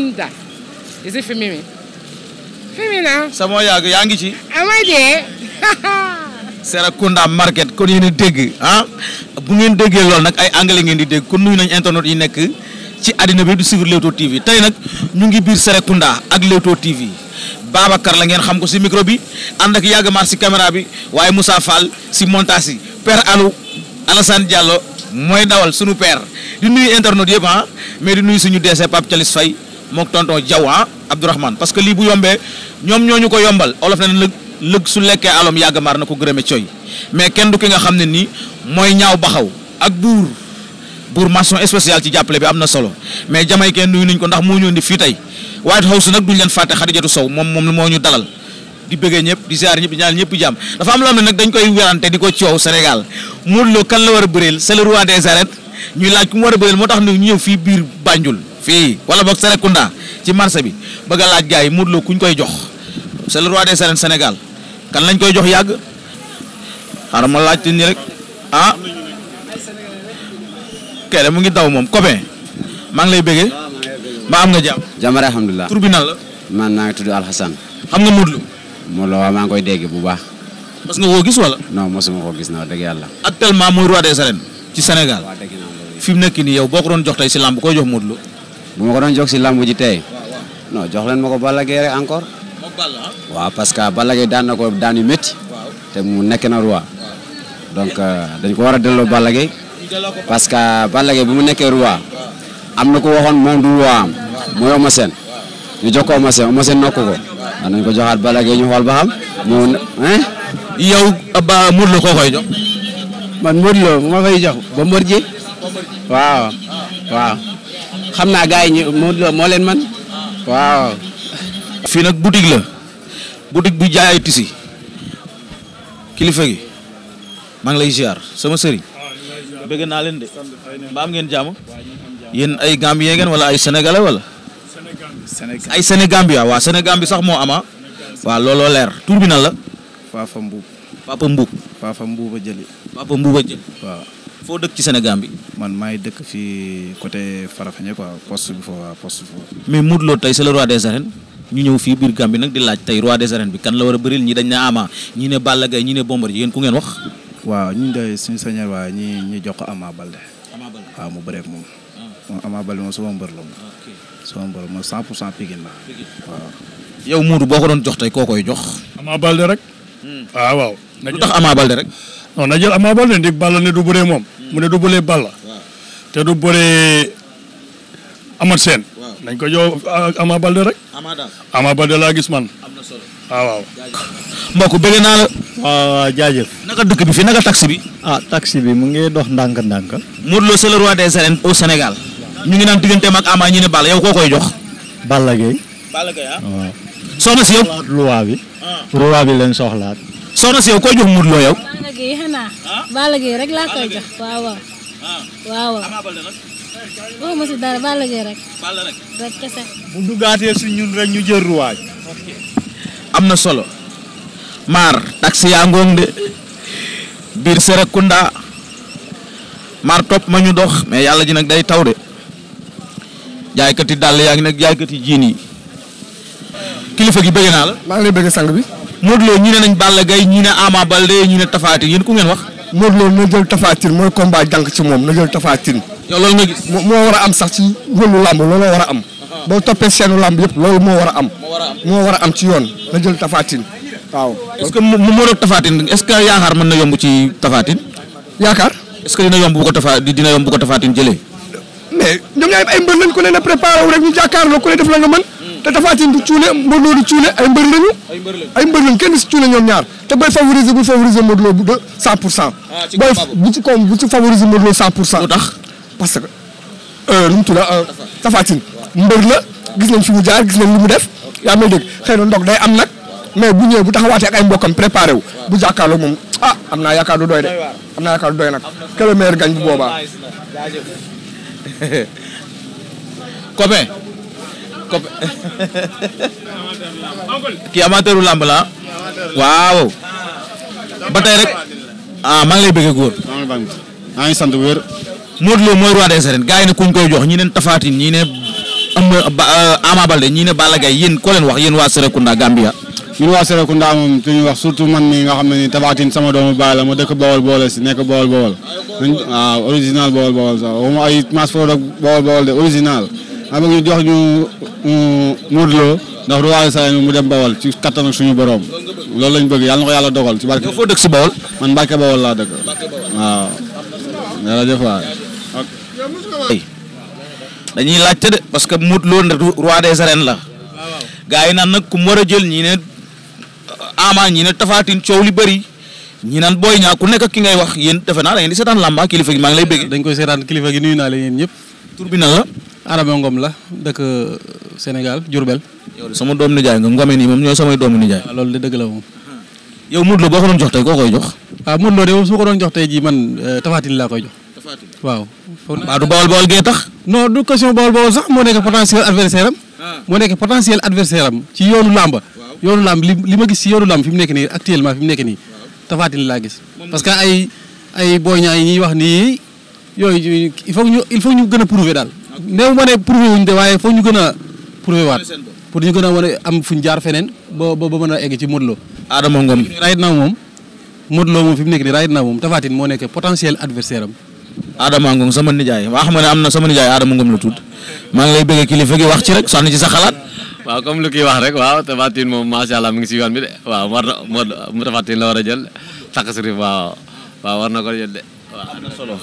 Bunda. Is it sama yàgg yaa ngi ci. Amadé. Serekunda market kon yéen dégg ah bu ngeen déggee lool nag ay anglais ngeen di dégg kon nuyu nañ internet yi nekk ci àddina bi du suivre Leewtoo TV tey nag ñu ngi biir Serekunda ak Leewtoo TV Babacar la ngeen xam ko si micro bi ànd ak yàgg maar si caméra bi waaye musa Fall si montage yi Père Alou Alassane mooy dawal sunu per di nuyu internet yëpp ah mais di nuyu suñu DC Pape Thialis Faye. mook tonton Diaw ah Abdourahmane parce que lii bu yombee ñoom ñoo ñu ko yombal olof na lëg lëg su lekkee alom yàgg maar na ko gërëme coy mais kenn du ki nga xam ne nii mooy ñaaw baxaw ak buur buur mention spéciale ci jàppale bi am na solo mais jamay kenn nuyu nañ ko ndax moo ñu indi fii tey White House nag duñ leen fàtte Xadijatu Sow moom moom moo ñu dalal di bëggee ñëpp di ziar ñëpp di ñaan ñëpp jàmm dafa am loo xam ne nag dañ koy werante di ko coow Sénégal Modou Lo kan war a bëreel c'est le roi des ñuy laaj ku war a moo tax ñu ñëw fii biir Banjul fii wala boog Serekunda ci marché bi bëgg a laaj gaa yi Modou Lo kuñ koy jox c'est le roi des kan lañ koy jox yàgg xaaral ma laajte ni rek ah mu ngi daw moom copain maa ngi lay bëggee ah, mbaa am nga jàmm. jàmm rek alhamdulilah tur bi naa ngi tudd Alxasan. xam nga Modou Lo. Modou koy dégg bu baax. parce que gis wala. non mosuma koo gis na wax dëgg yàlla. actuellement mooy roi ci Sénégal. fi mu nekk nii yow boo ko doon jox tey si làmb jox Modou bu ma ko doon jox si lamb ji tey non jox leen ma ko Balla Gaye rek encore ah? waaw parce que Balla daan na ko daan yu métti te mu nekk na roi euh, dañ ko war a delloo Balla Gaye parce que Balla bu mu nekkee roi am na ko waxoon moom du roi am mooy Eumeu ñu jox ko Eumeu Sène ko waaw ko joxaat Balla Gaye ñu xool ba xam mu hein yow ba Modou Lo koy jox man Modou Lo ma koy jox ba Mbër waaw ah. xam naa gars yi ñu moo leen man waaw. fii nag boutique la boutique bu jaay ay tisi kilifa gi maa ngi lay ziar sama sëriñ. bëgg naa leen de ba am ngeen jàmm yéen ay Gambien ngeen wala ay sénégalais wala. ay Sénégambia waa Sénégambie sax moo ama waa looloo leer tur la. Fafa Mbuub. Papa Mbuub. Papa Mbuuba Jëli. Papa Mbuuba Jëli waaw. foo dëkk ci Sénégal bi. man maay dëkk fii côté Farafeñe quoi poste bi foofu waaw poste foofu. mais Modou Lo tey c'est le roi des arènes ñu ñëw fii biir Gambie nag di laaj tey roi des arènes bi kan la war a bëril ñi dañ ne Ama ñi waaw ñu de suñu sañar waaye ñi ñi jox ko Ama Baldé. Ama Baldé waaw mu bëreef moom. moom ah. Ama Baldé moom sama mbër la moom. sama mbër moom 100 pour 100 Pikine la waaw. yow Modou boo ko doon jox tey koo koy jox. Ama Baldé rek. waaw hmm. ah, waaw. lu tax Ama non na jël Ama Baldé ndig Balla ne du bëree moom. mu ne du bëree Balla. te du bëree Amat Seen. nañ ko jox ah, Ama Baldé rek. Ama Baldé laa gis man. am na solo ah, waaw mbokk bëgg naa la. waaw jaajëf. naka dëkk bi fii nag a taxi bi. ah taxi bi mu ngi dox ndànk-ndànk. Modou Lo c'est le roi des arènes au Sénégal. ñu ngi naan digganteem ak Ama ñu ne Balla yow koo koy jox. Balla Gaye. Balla Gaye ah. si yow. soxlaat bi. roi bi leen soxlaat. soxna si yow koy jox Modou Lo yow. Balla rek laa koy jox waaw waaw ma si dara Balla Gaye rek. rek kese. bu duggaatee si ñun rek ñu jël ruwaay. am na solo. maar taxi yaa ngoog de biir Serekunda maar topp ma ñu dox mais yàlla ji nag day taw de jaaykati dàll yaa ngi nag jaaykati jiin yi kilifa gi bëgg naa la. maa ngi lay bëgg sang bi. moo Lo ñu ne nañ Balla Gaye ñu ne Ama Baldé ñu ne Tapha Tine ku ngeen wax. Modou Lo na jël Tapha mooy combat jànk ci moom na jël Tapha Tine. yow loolu nga moo war a am sax ci wëllu làmb looloo war a am. Uh-huh. boo toppee seenu làmb yëpp loolu moo war a a am ci yoon na yaakaar mën na yomb ci Tapha Tine. yaakaar est-ce que dina yomb bu ko Tapha dina yomb bu ko Tapha Tine mais ñoom ñaar ay mbër lañ ku ne na préparé rek ñu jàkkaarloo ku ne def la nga mën te Tapha Tine du cuune Modou Lo du cuune ay mbër lañu. ay mbër lañu ay si cuune ñoom ñaar te bay favoriser bu favoriser Modou Lo bu de 100 pour cent. Ah, ci kaw bu ci kaw bu ci pour cent. parce que nu euh, mu tudd euh, Tapha Tine mbër la gis nañ fi mu jaar gis nañ li mu def yaa ma dégg xëy na ndog day am nag mais bu ñëwee bu taxawaatee ak ay mbokkam préparé wu bu jàkkaarloo moom ah am naa yaakaar du doy de am naa yaakaar du doy nag que le meilleur gagne bu boobaa. copain. cop kii amateuru lamb la waaw ba tey rek ah maa ngi lay bëggee góor maa ngi sant bu wér Modou mooy roi des arènes gars yi ne jox ñi neen Tapha Tine ñi ne euh, Ama Baldé ñi ne Balla Gaye yéen ko leen wax yéen waa Serekunda Gambia moom ñu wax surtout man mi nga xam ne ni Tapha Tine sama doomu baay la ma dëkk Bawol si nekk Bawol Bawol waaw original Bawol Bawol sax original am ñu jox ñu Modou Lo ndax ruwaale saa mu dem Bawol ci kattan suñu borom loolu lañ bëgg yàlla na ko yàlla dogal ci barke. foo dëkk si Bawol. man Mbacke Bawol laa dëkk waaw. jërëjëf waay. dañuy laajte de parce que Modou Lo nag roi des arènes la. gaa yi naan nag ku mu war a jël ñii ne euh, Ama ñii ne tafaatin coow li bëri ñi naan booy ñaa ku nekk ki ngay wax yéen defe naa da ngeen di seetaan làmba kilifa gi maa ngi lay bëgg. dañ koy seetaan kilifa gi nuyu naa la yéen ñëpp. tur bi nan Adama Ngom la dëkk euh, Sénégal Diourbel. yow sama doomu nijaay nga Ngome nii moom ñooy samay doomu nijaay. Ah, moom. yow Modou Lo boo ko doon jox tey koo koy jox. waaw ah, Modou Lo de moom su ko doon jox tey jii man euh, Tapha Tine laa koy jox. Tapha Tine waaw. mbaa du bawal bawal gee tax. non du question bawal bawal sax moo nekk potentiel adversaire am. Ah. nekk potentiel adversaire am ci yoonu làmba. yoonu làmb li ma gis ci yoonu làmb fi mu nekk nii actuellement fi mu nekk nii. Tapha Tine laa gis. parce que ay ay boña yi ñuy wax nii yooyu il faut ñu gën a daal néew ma ne prouvé wuñ de waaye foo ñu gën a prouvé waat pour ñu gën a war a am fuñ jaar feneen ba ba mën a egg ci Modou Lo. Adama Ngom raayit moom fi mu nekk nii raayit naa moom Tapha Tine moo nekk potentiel adversaire am. Adama Ngom sama nijaay waa xam am na sama nijaay Adama Ngom la tudd maa ngi lay bëgg kilifa wax ci rek sànni ci sa xalaat. waaw comme lu kii wax rek waaw Tapha Tine moom macha allah mi ngi si yoon bi de waaw war na Modou la war a jël takk si waaw waaw war na ko jël de waaw am na solo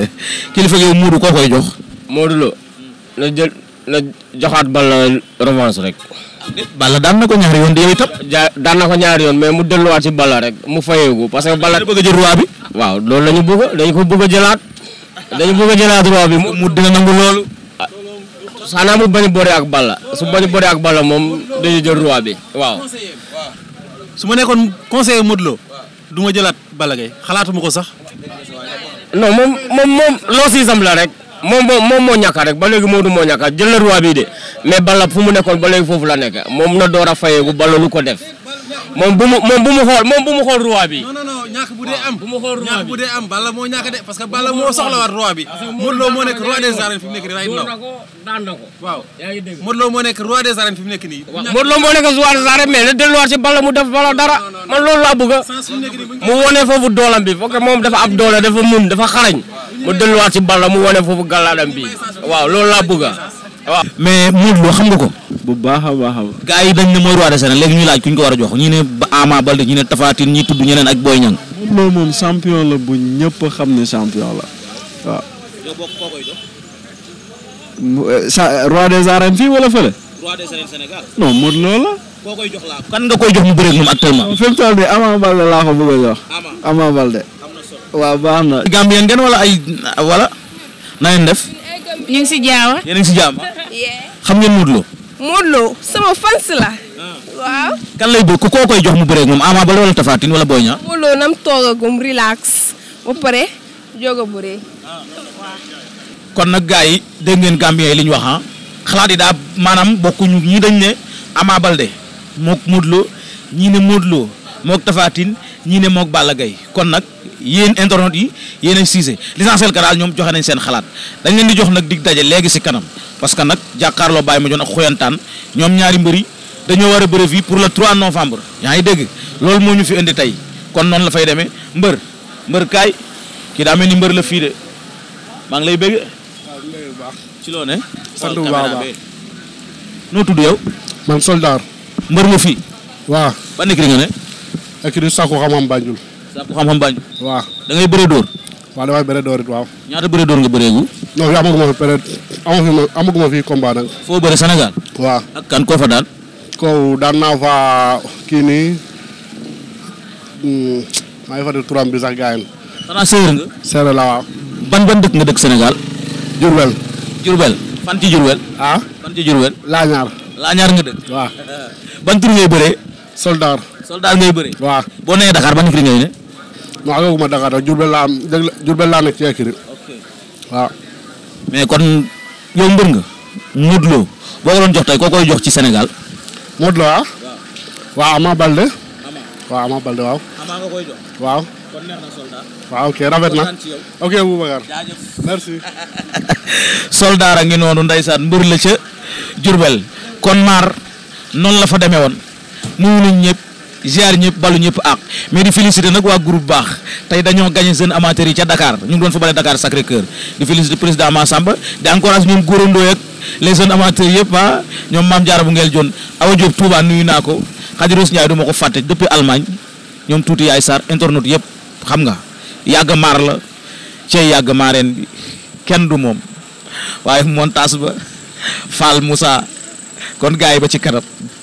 kilifa gi yow Mourou koo koy jox. Modou Lo na jël na joxaat Balla revanche rek. Balla daan na ko ñaari yoon di yow itam. daan na ko ñaari yoon mais mu delluwaat ci Balla rek mu fayeeku parce que bala bëgg a jël roi bi. waaw loolu la ñu dañ ko bëgg a jëlaat dañu bëgg a jëlaat roi bi mu dina nangu loolu. Ah, xanaa mu bañ a ak Balla su bañ a ak bala moom dañu jël roi bi waaw. su ma nekkoon conseiller Modou Lo du ma jëlaat bala Gaye xalaatuma ko sax. non moom moom moom loo siy sam la rek. moom moo moom moo ñàkk rek ba léegi Modou moo ñàkk jël na roi bi de mais Balla fu mu nekkoon ba foofu la nekk moom na door a fayeeku Balla lu ko def moom bu mu moom bu mu xool moom bu mu xool bu dee am. bu bu dee am Balla moo ñàkk de parce que Balla moo soxlawaat roi bi. Modou Lo moo nekk roi des arènes fi mu nekk nii waaye mu nekk moo nekk roi des arènes mais na delluwaat si Balla mu def Balla dara man loolu laa bëgg mu wone foofu doolam bi parce que moom dafa am doole dafa mun dafa xarañ mu delluwaat si Balla mu wane foofu gàllaadam bi waaw loolu laa bëgg waaw. mais Modou Lo xam nga ko. bu baax a baax a baax. gars yi dañ ne mooy roi des ku ko war a jox ñi ne Ama Baldé ñi ne Tapha Tine ñi tudd ñeneen ak Boy Niang. Modou Lo moom champion la bu ñëpp xam ne champion la waaw. yow bokk koo koy eh, roi des arènes fii wala fële. roi des arènes kan nga koy jox mu bëreeg moom actuellement. fi mu toll nii Ama Baldé laa ko bëgg a jox. Ama Baldé. waaw baax na. Gambien ngeen ay wala def. ñu si jaawa. yéen si jaama. xam ngeen Modou Lo. Ah. koo koy jox mu bëree moom Ama Baldé wala wala Boy Niang. Modou Lo nam toogagum relax ba pare jóg a ah. nag gars yi dégg ngeen Gambien yi li ñu wax ah. xalaat yi daa maanaam bokkuñu ñi dañ ne Ama Baldé mook Modou ñii ne Modou mook Tapha ñii ne moog gay Gaye kon nag yéen internet yi yéen a siisé l'essentiel que daal ñoom joxe nañ seen xalaat dañ leen di jox nag dig daje léegi si kanam parce que nag jàkkaarloo bàyyi ma joon ak xoyantaan ñoom ñaari mbër yi dañoo war a bëre fii pour le 3 novembre yaa ngi dégg loolu moo ñu fi indi tey kon noonu la fay demee mbër mbër kaay kii daa ni mbër la fii de maa ngi lay bëgg ci loo ne sant bu baax noo tudd yow man soldaar mbër la fii waaw ba ne écurie sàkku xam-xam Banjul. sàkku xam-xam Banjul. waaw dóor. waaw damay bëre dóor it ñaata bëre dóor nga bëreegu. non fi amaguma fi période amaguma amaguma fi combat nag. foo bëre Sénégal. waaw ak kan koo fa daan. kaw daan naa fa kii nii hmm, maa ngi fàttali turam bi sax gars yi. xanaa nga. séeréer la waaw. ban ban dëkk nga dëkk Sénégal. Diourbel. Diourbel fan ci Diourbel. Ah? Laañaar. Laañaar nga dëkk. ban tur ngay bëree. Soldar. soldat ngay boo nee Dakar ban écurie ngay ne. non xamaguma kon yow mbër nga. Modou koo koy jox ci Sénégal. Modou Lo ah. waaw a ngi noonu ndeysaan mbër la ca Diourbel kon maar noonu la fa demee woon nuyu nañ ñëpp. ziar ñëpp balu ñëpp ak mais di féliciter nag waa groupe baax tey dañoo gagné seen amateur yi ca dakaar ñu ngi doon football Dakar Sacré Cœur di féliciter président Massamba di encourage ñoom góorandoo ak les jeunes amateurs yëpp ah ñoom Maam Jaara bu ngeel jon Awa Diop Touba nuyu naa ko Khadiros Ndiaye du ma ko fàtte depuis Allemagne ñoom tuuti yaay Sarr internet yëpp xam nga yàgg maar la cey yàgg maareen kenn du moom waaye montage ba Fall Moussa kon gars yi ba ci kanam